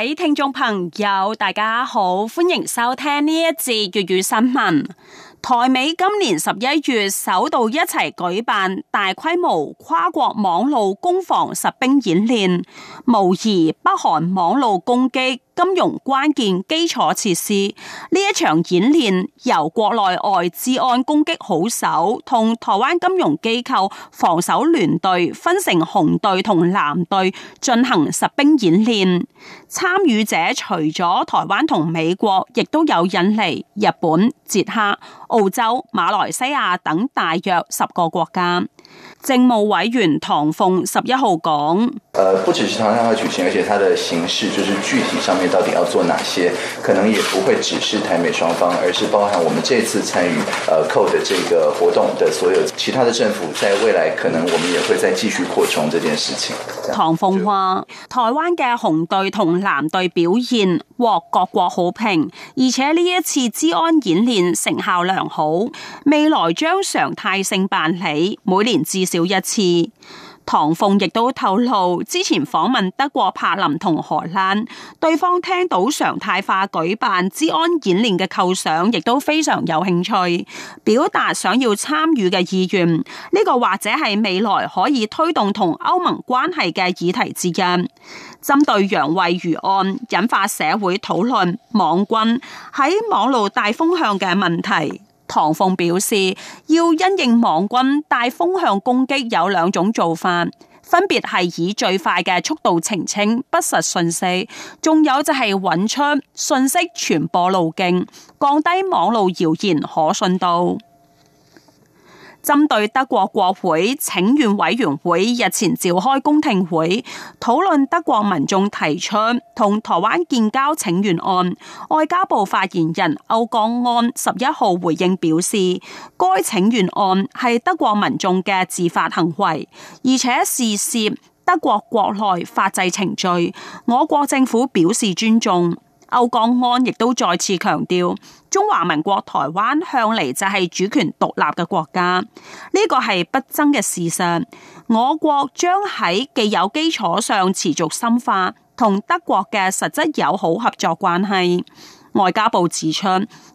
各位聽眾朋友，大家好，歡迎收聽呢一節粵語新聞。台美今年十一月首度一齊舉辦大規模跨國網路攻防實兵演練，無疑北韓網路攻擊。金融關鍵基礎設施呢一場演練，由國內外資安攻擊好手同台灣金融機構防守聯隊分成紅隊同藍隊進行實兵演練。參與者除咗台灣同美國，亦都有引嚟日本、捷克、澳洲、馬來西亞等大約十個國家。政務委員唐鳳十一號講：，不只是唐山個舉行，而且它的形式就是具體上面到底要做哪些，可能也不會只是台美雙方，而是包含我們這次參與，誒、呃，扣的這個活動的所有其他的政府，在未來可能我們也會再繼續擴充這件事情。唐鳳話：，台灣嘅紅隊同藍隊表現獲各國好評，而且呢一次資安演練成效良好，未來將常態性辦理，每年至少一次，唐鳳亦都透露，之前訪問德國柏林同荷蘭，對方聽到常態化舉辦資安演練嘅構想，亦都非常有興趣，表達想要參與嘅意願。呢、這個或者係未來可以推動同歐盟關係嘅議題之一。針對楊慧如案引發社會討論，網軍喺網路帶風向嘅問題。唐鳳表示，要因應網軍帶風向攻擊，有兩種做法，分別係以最快嘅速度澄清不實訊息，仲有就係揾出信息傳播路徑，降低網路謠言可信度。針對德國國會請願委員會日前召開公聽會，討論德國民眾提出同台灣建交請願案，外交部發言人歐江安十一號回應表示，該請願案係德國民眾嘅自發行為，而且事涉德國國內法制程序，我國政府表示尊重。歐國安亦都再次強調，中華民國台灣向嚟就係主權獨立嘅國家，呢個係不爭嘅事實。我國將喺既有基礎上持續深化同德國嘅實質友好合作關係。外交部指出，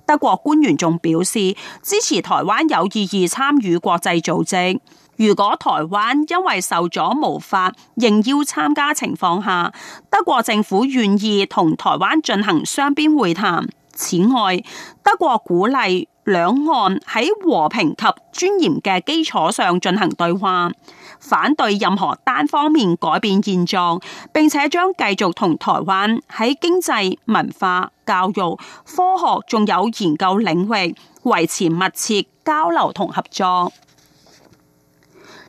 德國官員仲表示支持台灣有意義參與國際組織。如果台灣因為受阻無法應邀參加情況下，德國政府願意同台灣進行雙邊會談。此外，德國鼓勵兩岸喺和平及尊嚴嘅基礎上進行對話，反對任何單方面改變現狀，並且將繼續同台灣喺經濟、文化、教育、科學仲有研究領域維持密切交流同合作。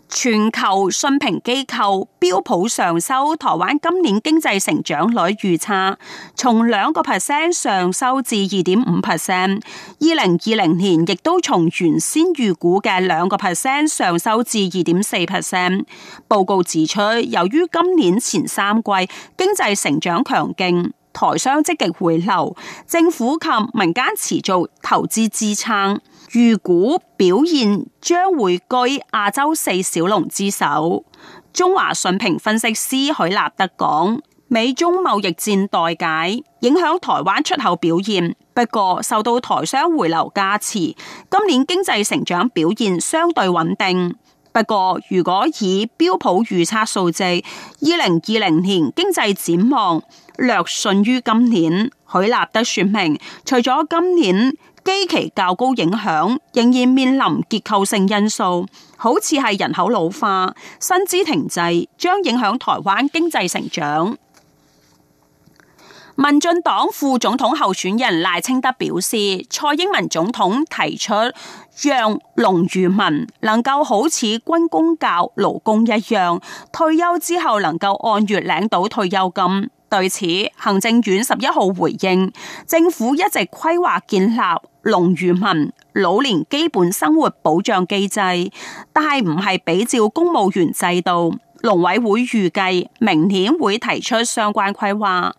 全球信評機構標普上修台灣今年經濟成長率預測，從兩個 percent 上修至二點五 percent。二零二零年亦都從原先預估嘅兩個 percent 上修至二點四 percent。報告指出，由於今年前三季經濟成長強勁。台商積極回流，政府及民間持續投資支撐，預估表現將位居亞洲四小龍之首。中華信評分析師許立德講，美中貿易戰待解，影響台灣出口表現，不過受到台商回流加持，今年經濟成長表現相對穩定。不過，如果以標普預測數字，二零二零年經濟展望，略遜於今年，許立德說明，除咗今年基期較高影響，仍然面臨結構性因素，好似係人口老化、薪資停滯，將影響台灣經濟成長。民進黨副總統候選人賴清德表示，蔡英文總統提出讓農漁民能夠好似軍公教勞工一樣退休之後，能夠按月領到退休金。對此，行政院十一號回應，政府一直規劃建立農漁民老年基本生活保障機制，但係唔係比照公務員制度。農委會預計明年會提出相關規劃。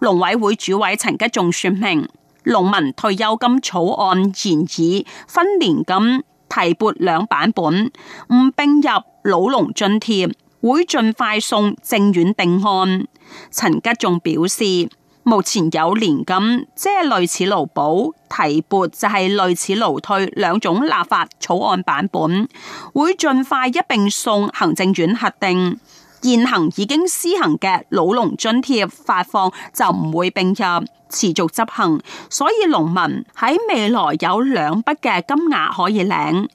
農委會主委陳吉仲說明，農民退休金草案現已分年咁提撥兩版本，唔併入老農津貼，會盡快送政院定案。陳吉仲表示，目前有年金，即係類似勞保，提撥就係類似勞退，兩種立法草案版本，會盡快一併送行政院核定。現行已經施行嘅老農津貼發放就唔會併入，持續執行。所以農民喺未來有兩筆嘅金額可以領。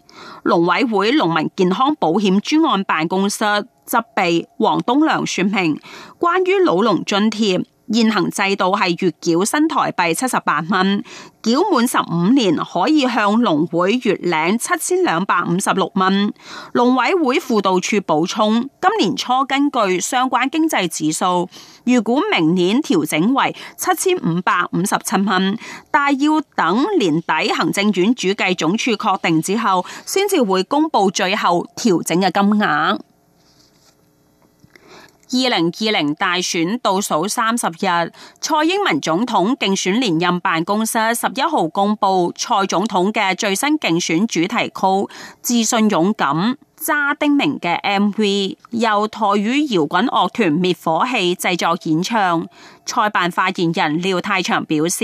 農委會農民健康保險專案辦公室。執備黃東良說明，關於老農津貼現行制度係月繳新台幣七十八蚊，繳滿十五年可以向農會月領七千兩百五十六蚊。農委會輔導處補充，今年初根據相關經濟指數，如果明年調整為七千五百五十七蚊，但要等年底行政院主計總處確定之後，先至會公布最後調整嘅金額。二零二零大選倒數三十日，蔡英文總統競選連任辦公室十一號公布蔡總統嘅最新競選主題曲《自信勇敢》，揸丁明嘅 MV 由台語搖滾樂團滅火器製作演唱。蔡辦發言人廖太祥表示。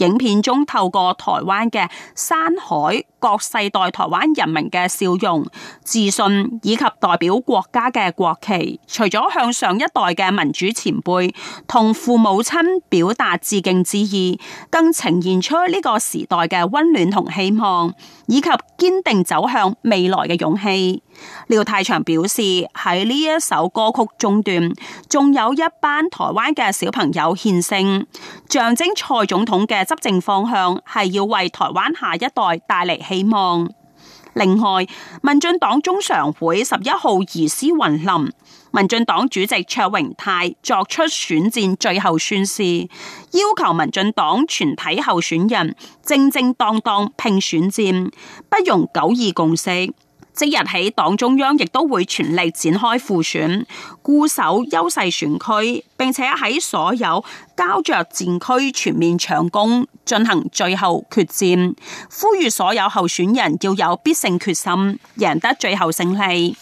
影片中透過台灣嘅山海、各世代台灣人民嘅笑容、自信，以及代表國家嘅國旗，除咗向上一代嘅民主前輩同父母親表達致敬之意，更呈現出呢個時代嘅溫暖同希望，以及堅定走向未來嘅勇氣。廖太祥表示喺呢一首歌曲中段，仲有一班台灣嘅小朋友獻聲，象徵蔡總統嘅執政方向係要為台灣下一代帶嚟希望。另外，民進黨中常會十一號移師雲林，民進黨主席卓榮泰作出選戰最後宣示，要求民進黨全體候選人正正當當拼選戰，不容九二共識。即日起，黨中央亦都會全力展開輔選，固守優勢選區，並且喺所有膠着戰區全面搶攻，進行最後決戰。呼籲所有候選人要有必勝決心，贏得最後勝利。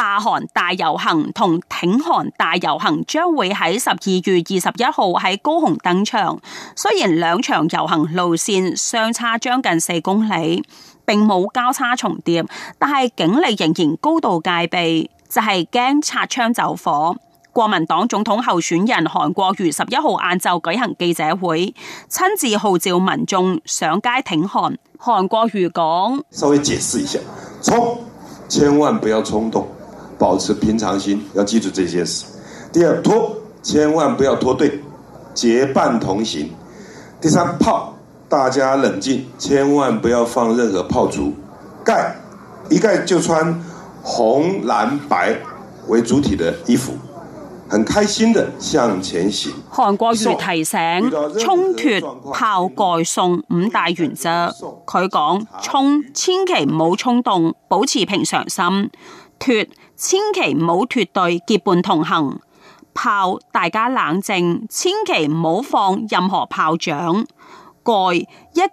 罷韓大遊行同挺韓大遊行將會喺十二月二十一號喺高雄登場。雖然兩場遊行路線相差將近四公里，並冇交叉重疊，但係警力仍然高度戒備，就係驚擦槍走火。國民黨總統候選人韓國瑜十一號晏晝舉行記者會，親自號召民眾上街挺韓。韓國瑜講：稍微解釋一下，衝，千萬不要衝動。保持平常心，要記住這件事。第二脫，千萬不要脫隊，結伴同行。第三泡，大家冷靜，千萬不要放任何炮竹。蓋，一蓋就穿紅藍白為主體的衣服，很開心的向前行。韓國瑜提醒沖脫泡蓋送五大原則，佢講沖千祈唔好衝動，保持平常心。脫千祈唔好脫隊，結伴同行，炮，大家冷靜，千祈唔好放任何炮仗。蓋，一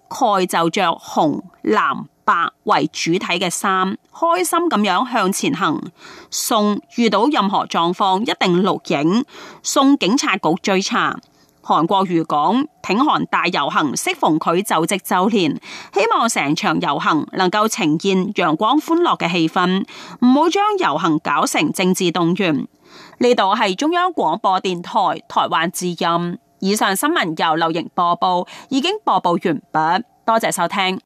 蓋就着紅藍白為主體嘅衫，開心咁樣向前行。送，遇到任何狀況一定錄影，送警察局追查。韓國瑜號召挺韓大遊行適逢佢就職周年，希望成場遊行能夠呈現陽光歡樂嘅氣氛，唔好將遊行搞成政治動員。呢度係中央廣播電台台灣之音，以上新聞由劉瑩播報，已經播報完畢，多謝收聽。